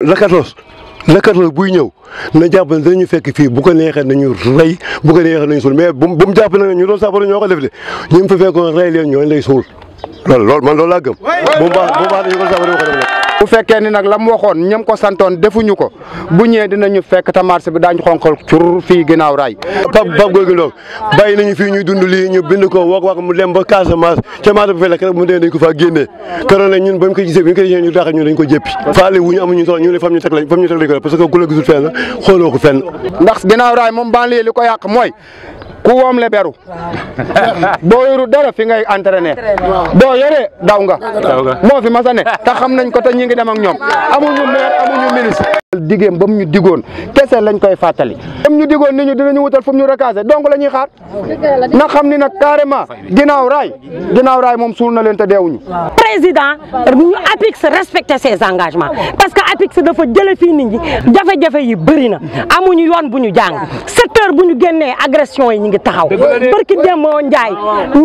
la 14 la 14 buy ñëw na jàpp ne fekk fii bu ko neexee nañu rey bu ko neexee nañu suul mais bu bu mu jàpp ne ñu doon saafara ñoo ko def de ñi mu fa fekkoon rey leen ñooñu lay suul man loolu gëm. bu mu baax bu mu baax dañu ko def fekkee ni nag la mu waxoon ñam ko santoon defuñu ko bu ñëwee dinañu fekk ta marché bi daañu xonqal cur fii ginnaaw raay. pap pap googu loolu bàyyi nañu fii ñuy dund lii ñu bind ko wax wax mu dem ba Casamance ca marché bu fay la keroog mu dee dañ ko faa génnee keroog nag ñun ko gisee bi ñu ko gisee ñu tax ñu dañ ko jéppi faale wuñu amuñu solo ñu ne fam ñu teg lañ fam ñu teg lañ ko parce que ku la gisul fenn xooloo ko fenn. ndax ginnaaw raay moom banlieue li ko yàq mooy ku woom le beru boo yoru dara fi ngay entraîné doo yore daw nga moo fi mas a ne te xam nañ ko te ñi ngi dem ak ñoom amuñu maire digeem ba ñu digoon kese lañ koy fàttali dem ñu digoon nit ñi dinañu wutal fu mu ñu recasé donc la xaar na xam ni nag carrément ginnaaw raay ginnaaw raay moom suul na leen te deewuñu président ñu APIX respecté ses engagement parce que APIX dafa jële fii nit ñi jafe-jafe yi bëri na amuñu yoon bu ñu jàng secteur bu ñu génnee agression yi ñu ngi taxaw barki demoo Njaay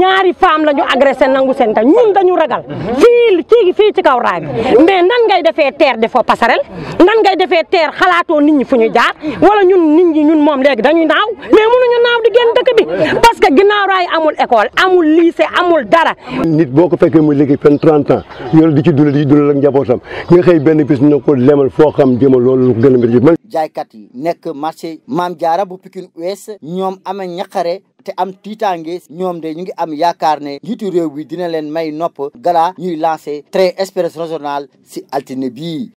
ñaari femme lañu ñu agressé nangu seen tam ñun dañu ragal fii ci fii ci kaw raay bi mais nan ngay de fo passerelle terre xalaatoo nit ñi fu ñu jaar wala ñun nit ñi ñun moom léegi dañuy naaw mais mënuñu naaw di génn dëkk parce que ginnaaw amul école amul lycée amul dara. nit boo ko fekkee mu liggéey fenn 30 ans di ci dund di ci dund njabootam nga xëy benn bis na ko lemal foo xam jëma loolu lu ko gën jaaykat yi nekk marché Maam Jaara bu Pikine Ouest ñoom amee ñaqare te am tiitaange ñoom de ñu ngi am yaakaar ne njiitu réew bi dina leen may nopp gala ñuy lancé train express régional si altine bii